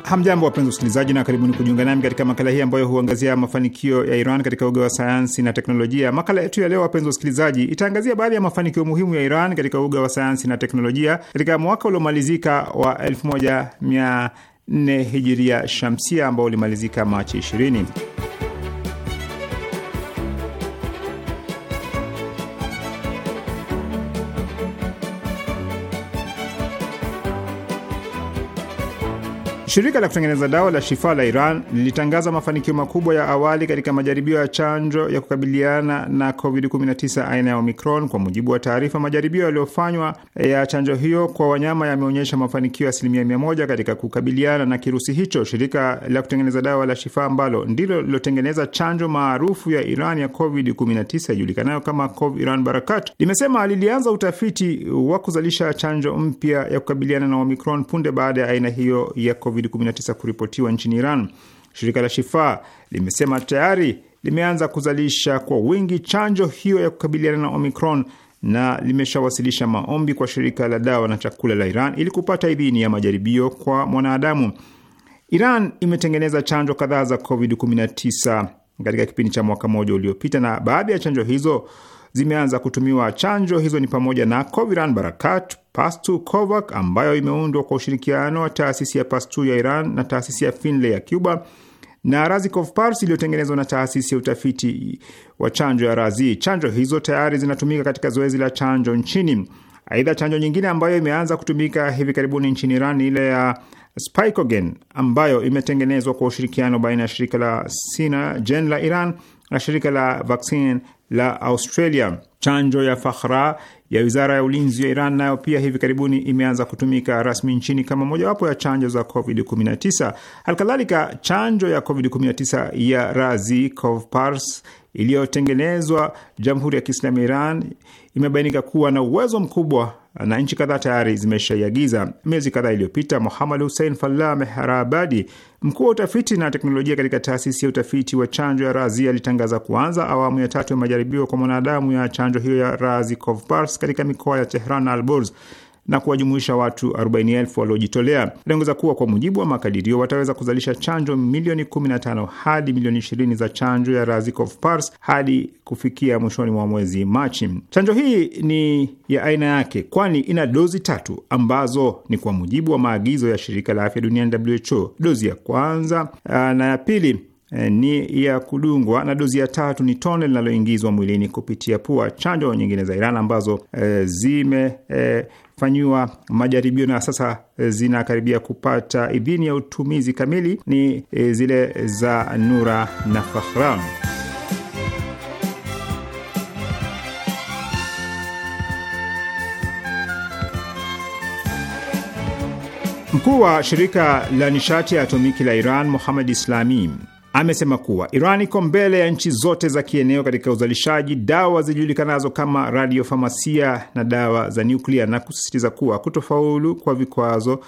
Hamjambo, wapenzi usikilizaji na karibuni kujiunga nami katika makala hii ambayo huangazia mafanikio ya Iran katika uga wa sayansi na teknolojia. Makala yetu ya leo, wapenzi wasikilizaji, itaangazia baadhi ya mafanikio muhimu ya Iran katika uga wa sayansi na teknolojia katika mwaka uliomalizika wa 1404 hijiria shamsia ambao ulimalizika Machi 20. Shirika la kutengeneza dawa la Shifa la Iran lilitangaza mafanikio makubwa ya awali katika majaribio ya chanjo ya kukabiliana na COVID-19 aina ya Omicron. Kwa mujibu wa taarifa, majaribio yaliyofanywa ya chanjo hiyo kwa wanyama yameonyesha mafanikio ya asilimia mia moja katika kukabiliana na kirusi hicho. Shirika la kutengeneza dawa la Shifa ambalo ndilo lilotengeneza chanjo maarufu ya Iran ya COVID-19 ijulikanayo kama Cov Iran Barakat limesema lilianza utafiti wa kuzalisha chanjo mpya ya kukabiliana na Omicron punde baada ya aina hiyo ya COVID COVID-19 kuripotiwa nchini Iran, shirika la Shifa limesema tayari limeanza kuzalisha kwa wingi chanjo hiyo ya kukabiliana na Omicron na limeshawasilisha maombi kwa shirika la dawa na chakula la Iran ili kupata idhini ya majaribio kwa mwanadamu. Iran imetengeneza chanjo kadhaa za COVID-19 katika kipindi cha mwaka mmoja uliopita, na baadhi ya chanjo hizo zimeanza kutumiwa chanjo hizo ni pamoja na Coviran Barakat, Pastu Covac ambayo imeundwa kwa ushirikiano wa taasisi ya Pastu ya Iran na taasisi ya Finlay ya Cuba na Razikov Pars iliyotengenezwa na taasisi ya utafiti wa chanjo ya Razi. Chanjo hizo tayari zinatumika katika zoezi la chanjo nchini. Aidha, chanjo nyingine ambayo imeanza kutumika hivi karibuni nchini Iran ni ile ya Spikogen ambayo imetengenezwa kwa ushirikiano baina ya shirika la Sina la Iran na shirika la Vaccine la Australia. Chanjo ya Fakhra ya wizara ya ulinzi ya Iran nayo pia hivi karibuni imeanza kutumika rasmi nchini kama mojawapo ya chanjo za COVID-19. Halikadhalika, chanjo ya COVID-19 ya Razi Covpars iliyotengenezwa Jamhuri ya Kiislamu ya Iran imebainika kuwa na uwezo mkubwa na nchi kadhaa tayari zimeshaiagiza. Miezi kadhaa iliyopita, Muhammad Hussein Fallah Mehrabadi Mkuu wa utafiti na teknolojia katika taasisi ya utafiti wa chanjo ya Razi alitangaza kuanza awamu ya tatu ya majaribio kwa mwanadamu ya chanjo hiyo ya Razi Covpars katika mikoa ya Tehran na Albors na kuwajumuisha watu elfu waliojitolea. Aliongeza kuwa kwa mujibu wa makadirio, wataweza kuzalisha chanjo milioni 15 hadi milioni 20 za chanjo ya Razik Pars hadi kufikia mwishoni mwa mwezi Machi. Chanjo hii ni ya aina yake, kwani ina dozi tatu ambazo ni kwa mujibu wa maagizo ya shirika la afya duniani WHO. Dozi ya kwanza eh, na ya pili eh, ni ya kudungwa na dozi ya tatu ni tone linaloingizwa mwilini kupitia pua. Chanjo nyingine za Iran ambazo e, zime e, zimefanyiwa majaribio na sasa e, zinakaribia kupata idhini ya utumizi kamili ni e, zile za Nura na Fakhran. Mkuu wa shirika la nishati ya atomiki la Iran Mohamed Islami amesema kuwa Iran iko mbele ya nchi zote za kieneo katika uzalishaji dawa zijulikanazo kama radiofarmasia na dawa za nyuklia na kusisitiza kuwa kutofaulu kwa vikwazo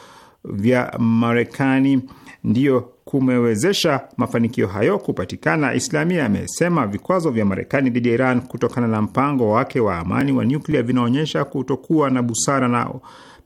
vya Marekani ndiyo kumewezesha mafanikio hayo kupatikana. Islamia amesema vikwazo vya Marekani dhidi ya Iran kutokana na mpango wake wa amani wa nyuklia vinaonyesha kutokuwa na busara na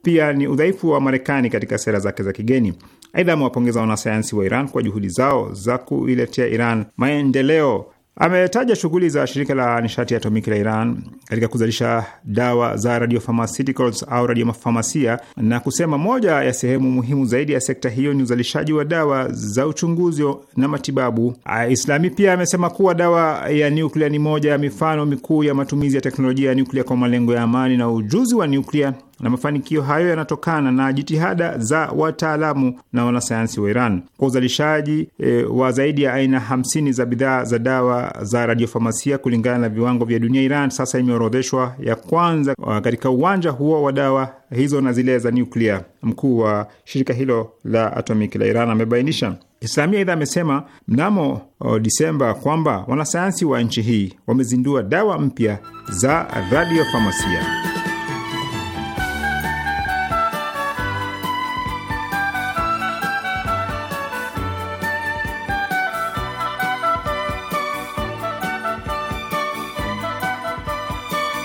pia ni udhaifu wa Marekani katika sera zake za kigeni. Aidha, amewapongeza wanasayansi wa Iran kwa juhudi zao za kuiletea Iran maendeleo. Ametaja shughuli za shirika la nishati ya atomiki la Iran katika kuzalisha dawa za radiopharmaceuticals au radiofarmasia na kusema moja ya sehemu muhimu zaidi ya sekta hiyo ni uzalishaji wa dawa za uchunguzi na matibabu. Islami pia amesema kuwa dawa ya nuklia ni moja ya mifano mikuu ya matumizi ya teknolojia ya nyuklia kwa malengo ya amani na ujuzi wa nyuklia na mafanikio hayo yanatokana na jitihada za wataalamu na wanasayansi wa Iran kwa uzalishaji e, wa zaidi ya aina hamsini za bidhaa za dawa za radiofarmasia kulingana na viwango vya dunia. Iran sasa imeorodheshwa ya kwanza e, katika uwanja huo wa dawa hizo na zile za nuklia Mkuu wa shirika hilo la atomiki la Iran amebainisha. Islamia aidha amesema mnamo Disemba kwamba wanasayansi wa nchi hii wamezindua dawa mpya za radiofarmasia.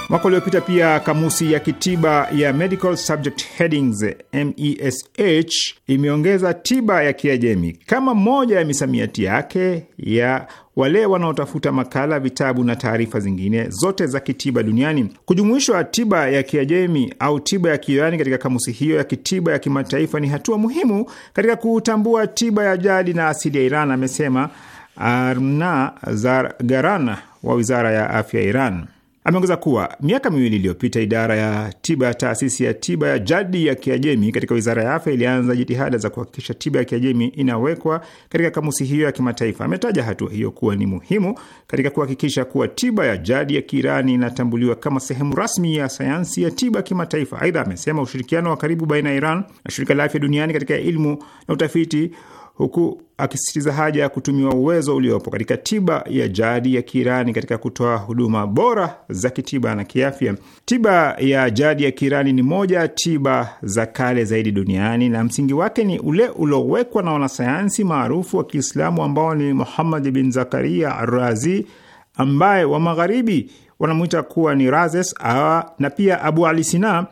Mwaka uliopita pia kamusi ya kitiba ya Medical Subject Headings MESH imeongeza tiba ya Kiajemi kama moja ya misamiati yake ya wale wanaotafuta makala, vitabu na taarifa zingine zote za kitiba duniani. Kujumuishwa tiba ya Kiajemi au tiba ya Kiirani katika kamusi hiyo ya kitiba ya kimataifa ni hatua muhimu katika kutambua tiba ya jadi na asili ya Iran, amesema Arna Zargaran wa wizara ya afya ya Iran. Ameongeza kuwa miaka miwili iliyopita idara ya tiba ya taasisi ya tiba ya jadi ya Kiajemi katika wizara ya afya ilianza jitihada za kuhakikisha tiba ya Kiajemi inawekwa katika kamusi hiyo ya kimataifa. Ametaja hatua hiyo kuwa ni muhimu katika kuhakikisha kuwa tiba ya jadi ya Kiirani inatambuliwa kama sehemu rasmi ya sayansi ya tiba kimataifa. Aidha, amesema ushirikiano wa karibu baina ya Iran na shirika la afya duniani katika elimu na utafiti huku akisisitiza haja ya kutumiwa uwezo uliopo katika tiba ya jadi ya Kiirani katika kutoa huduma bora za kitiba na kiafya. Tiba ya jadi ya Kiirani ni moja ya tiba za kale zaidi duniani na msingi wake ni ule uliowekwa na wanasayansi maarufu wa Kiislamu ambao ni Muhammad bin Zakaria Razi ambaye wa Magharibi wanamwita kuwa ni Razes na pia Abu Ali Sina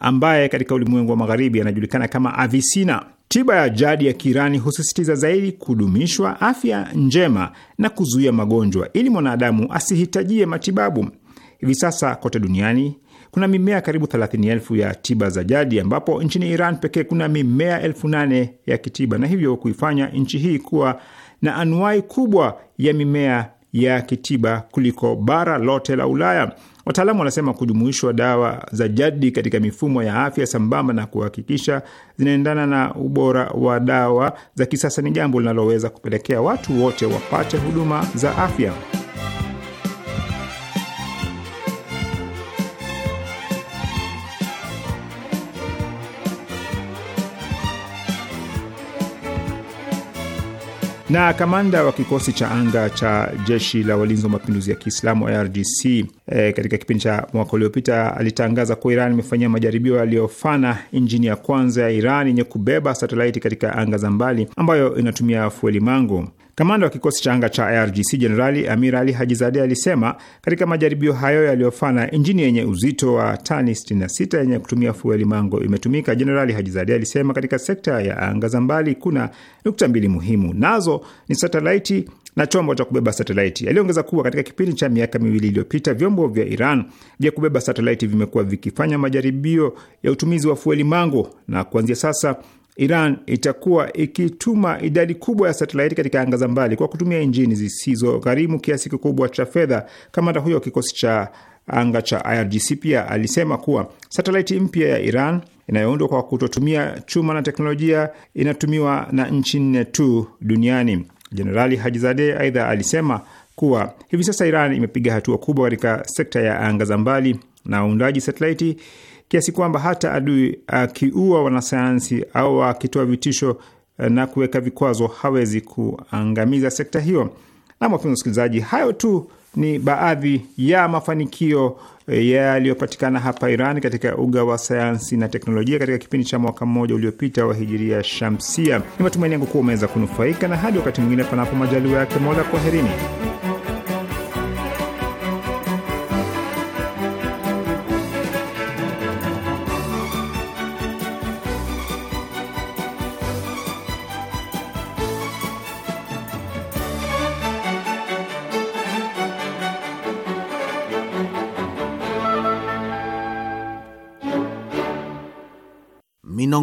ambaye katika ulimwengu wa Magharibi anajulikana kama Avisina. Tiba ya jadi ya Kirani husisitiza zaidi kudumishwa afya njema na kuzuia magonjwa ili mwanadamu asihitajie matibabu. Hivi sasa kote duniani kuna mimea karibu thelathini elfu ya tiba za jadi ambapo nchini Iran pekee kuna mimea elfu nane ya kitiba na hivyo kuifanya nchi hii kuwa na anuai kubwa ya mimea ya kitiba kuliko bara lote la Ulaya. Wataalamu wanasema kujumuishwa dawa za jadi katika mifumo ya afya sambamba na kuhakikisha zinaendana na ubora wa dawa za kisasa ni jambo linaloweza kupelekea watu wote wapate huduma za afya. na kamanda wa kikosi cha anga cha jeshi la walinzi wa mapinduzi ya Kiislamu IRGC e, eh, katika kipindi cha mwaka uliopita alitangaza kuwa Iran imefanyia majaribio yaliyofana injini ya kwanza ya Iran yenye kubeba satelaiti katika anga za mbali ambayo inatumia fueli mangu. Kamanda wa kikosi cha anga cha IRGC Jenerali Amir Ali Hajizadeh alisema katika majaribio hayo yaliyofana, injini yenye uzito wa tani 66 yenye kutumia fueli mango imetumika. Jenerali Hajizadeh alisema katika sekta ya anga za mbali kuna nukta mbili muhimu, nazo ni satelaiti na chombo cha kubeba satelaiti. Aliongeza kuwa katika kipindi cha miaka miwili iliyopita vyombo vya Iran vya kubeba satelaiti vimekuwa vikifanya majaribio ya utumizi wa fueli mango na kuanzia sasa Iran itakuwa ikituma idadi kubwa ya satelaiti katika anga za mbali kwa kutumia injini zisizo gharimu kiasi kikubwa cha fedha. Kamanda huyo wa kikosi cha anga cha IRGC pia alisema kuwa satelaiti mpya ya Iran inayoundwa kwa kutotumia chuma na teknolojia inatumiwa na nchi nne tu duniani. Jenerali Hajizadeh aidha alisema kuwa hivi sasa Iran imepiga hatua kubwa katika sekta ya anga za mbali na uundaji satelaiti kiasi kwamba hata adui akiua wanasayansi au akitoa vitisho eh, na kuweka vikwazo hawezi kuangamiza sekta hiyo. Na wapenzi wasikilizaji, hayo tu ni baadhi ya mafanikio eh, yaliyopatikana hapa Iran katika uga wa sayansi na teknolojia katika kipindi cha mwaka mmoja uliopita wa hijiria shamsia. Ni matumaini yangu kuwa umeweza kunufaika, na hadi wakati mwingine, panapo majaliwa yake Mola, kwaherini.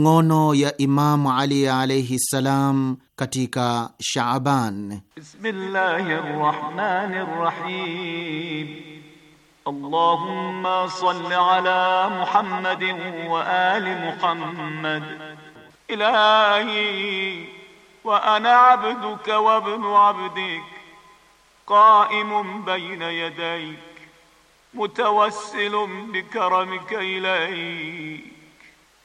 minong'ono ya Imamu Ali alaihi ssalam katika Shaaban. Bismillahi rahmani rahim. Allahumma salli ala Muhammadin wa ali Muhammad. Ilahi wa ana abduka wa ibnu abdik qaimun bayna yadayk mutawassilun bikaramika ilayk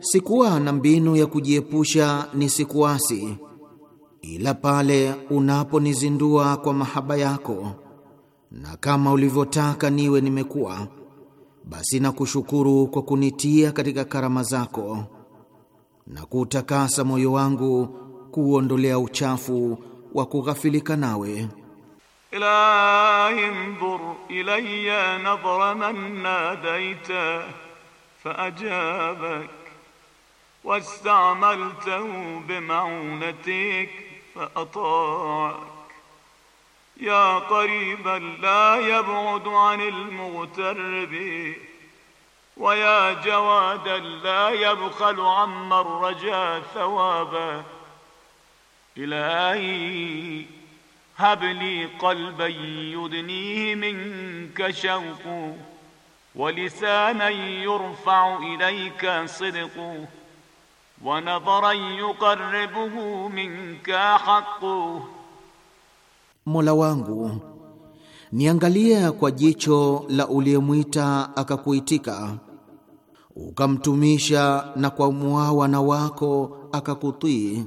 sikuwa na mbinu ya kujiepusha nisikuasi, ila pale unaponizindua kwa mahaba yako, na kama ulivyotaka niwe nimekuwa, basi nakushukuru kwa kunitia katika karama zako na kuutakasa moyo wangu kuuondolea uchafu wa kughafilika nawe. Ilahi ndhur ilayya nadhra man nadaita faajabak واستعملته بمعونتك فأطاعك يا قريبا لا يبعد عن المغتر به ويا جوادا لا يبخل عمن رجا ثوابا إلهي هب لي قلبا يدنيه منك شوقه ولسانا يرفع إليك صدقه wanadhara yuqarribuhu minka haqqu, Mola wangu niangalia kwa jicho la uliyemwita akakuitika, ukamtumisha na kwa muawana wako akakutii,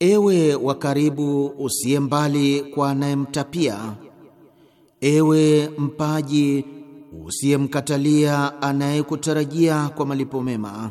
ewe wa karibu usiye mbali kwa anayemtapia, ewe mpaji usiyemkatalia anayekutarajia kwa malipo mema.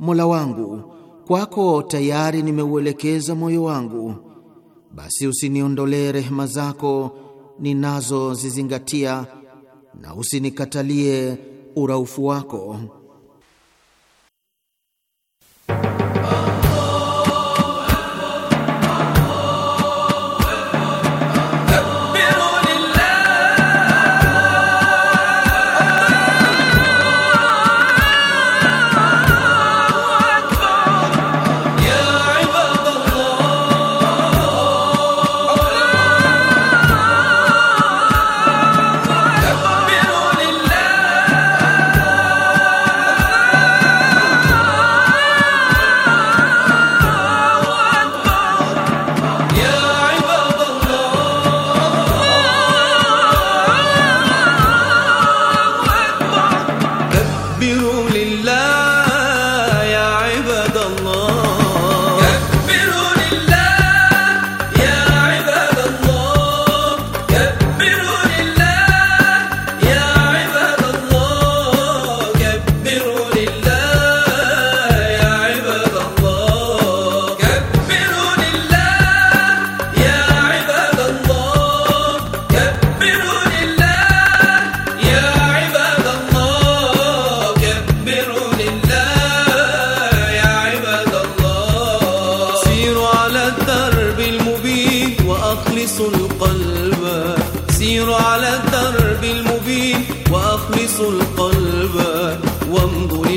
Mola wangu, kwako tayari nimeuelekeza moyo wangu, basi usiniondolee rehema zako ninazozizingatia, na usinikatalie uraufu wako.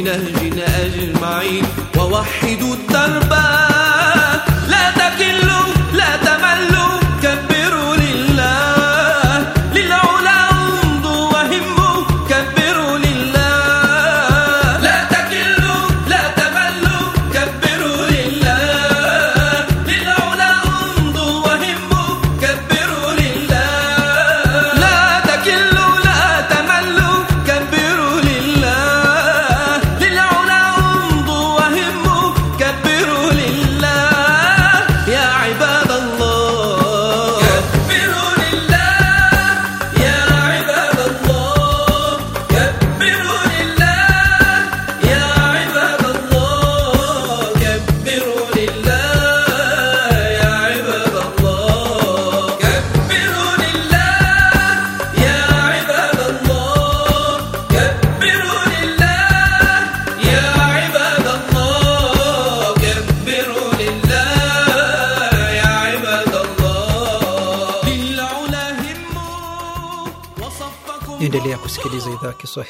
بنهجنا أجمعين ووحدوا الدين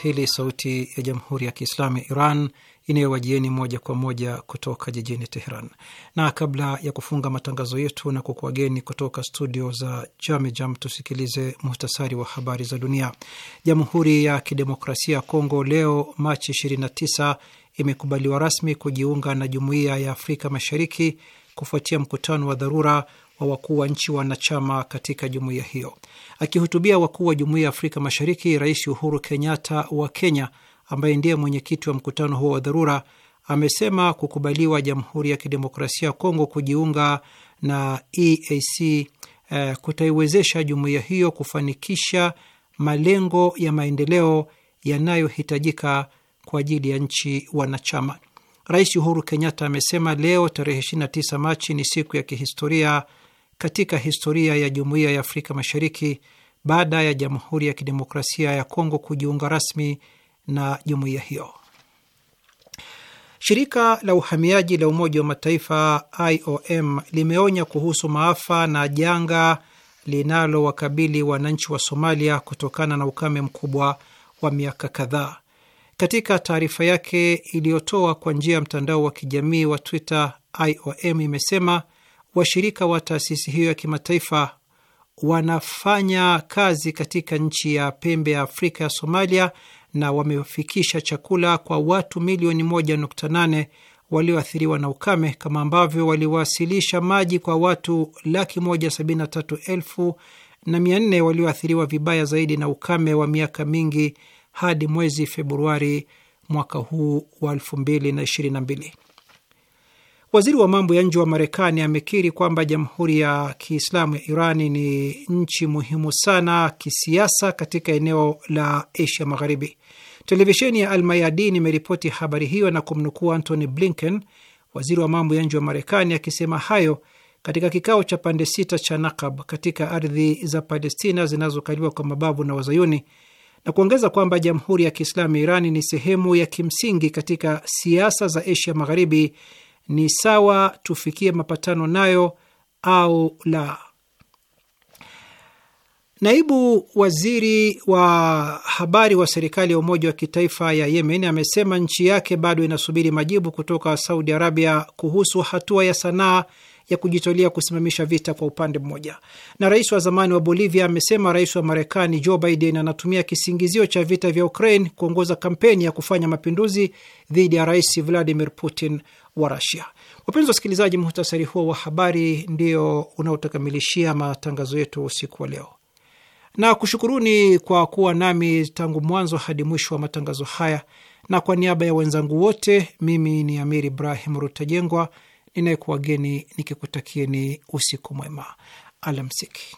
Kiswahili, Sauti ya Jamhuri ya Kiislamu ya Iran inayowajieni moja kwa moja kutoka jijini Teheran. Na kabla ya kufunga matangazo yetu na kukuageni kutoka studio za Jamejam, tusikilize muhtasari wa habari za dunia. Jamhuri ya Kidemokrasia ya Kongo leo Machi 29 imekubaliwa rasmi kujiunga na Jumuiya ya Afrika Mashariki kufuatia mkutano wa dharura wa wakuu wa nchi wanachama katika jumuiya hiyo. Akihutubia wakuu wa jumuiya ya Afrika Mashariki, Rais Uhuru Kenyatta wa Kenya, ambaye ndiye mwenyekiti wa mkutano huo wa dharura, amesema kukubaliwa Jamhuri ya Kidemokrasia ya Kongo kujiunga na EAC eh, kutaiwezesha jumuiya hiyo kufanikisha malengo ya maendeleo yanayohitajika kwa ajili ya nchi wanachama. Rais Uhuru Kenyatta amesema leo tarehe 29 Machi ni siku ya kihistoria katika historia ya jumuiya ya Afrika Mashariki baada ya Jamhuri ya Kidemokrasia ya Kongo kujiunga rasmi na jumuiya hiyo. Shirika la uhamiaji la Umoja wa Mataifa IOM limeonya kuhusu maafa na janga linalowakabili wananchi wa Somalia kutokana na ukame mkubwa wa miaka kadhaa. Katika taarifa yake iliyotoa kwa njia ya mtandao wa kijamii wa Twitter, IOM imesema washirika wa taasisi hiyo ya kimataifa wanafanya kazi katika nchi ya pembe ya Afrika ya Somalia na wamefikisha chakula kwa watu milioni 1.8 walioathiriwa na ukame, kama ambavyo waliwasilisha maji kwa watu laki 173 na tatu mia nne walioathiriwa vibaya zaidi na ukame wa miaka mingi hadi mwezi Februari mwaka huu wa 2022. Waziri wa mambo ya nje wa Marekani amekiri kwamba Jamhuri ya Kiislamu ya Irani ni nchi muhimu sana kisiasa katika eneo la Asia Magharibi. Televisheni ya Almayadin imeripoti habari hiyo na kumnukuu Antony Blinken, waziri wa mambo ya nje wa Marekani, akisema hayo katika kikao cha pande sita cha Nakab katika ardhi za Palestina zinazokaliwa kwa mabavu na Wazayuni, na kuongeza kwamba Jamhuri ya Kiislamu ya Irani ni sehemu ya kimsingi katika siasa za Asia Magharibi ni sawa tufikie mapatano nayo au la. Naibu waziri wa habari wa serikali ya umoja wa kitaifa ya Yemen amesema nchi yake bado inasubiri majibu kutoka Saudi Arabia kuhusu hatua ya Sanaa ya kujitolea kusimamisha vita kwa upande mmoja. Na rais wa zamani wa Bolivia amesema rais wa Marekani Joe Biden anatumia kisingizio cha vita vya Ukraine kuongoza kampeni ya kufanya mapinduzi dhidi ya rais Vladimir Putin wa Rasia. Wapenzi wasikilizaji, muhtasari huo wa habari ndio unaotakamilishia matangazo yetu usiku wa leo, na kushukuruni kwa kuwa nami tangu mwanzo hadi mwisho wa matangazo haya, na kwa niaba ya wenzangu wote, mimi ni Amir Ibrahim Rutajengwa ninayekuwageni nikikutakieni usiku mwema, alamsiki.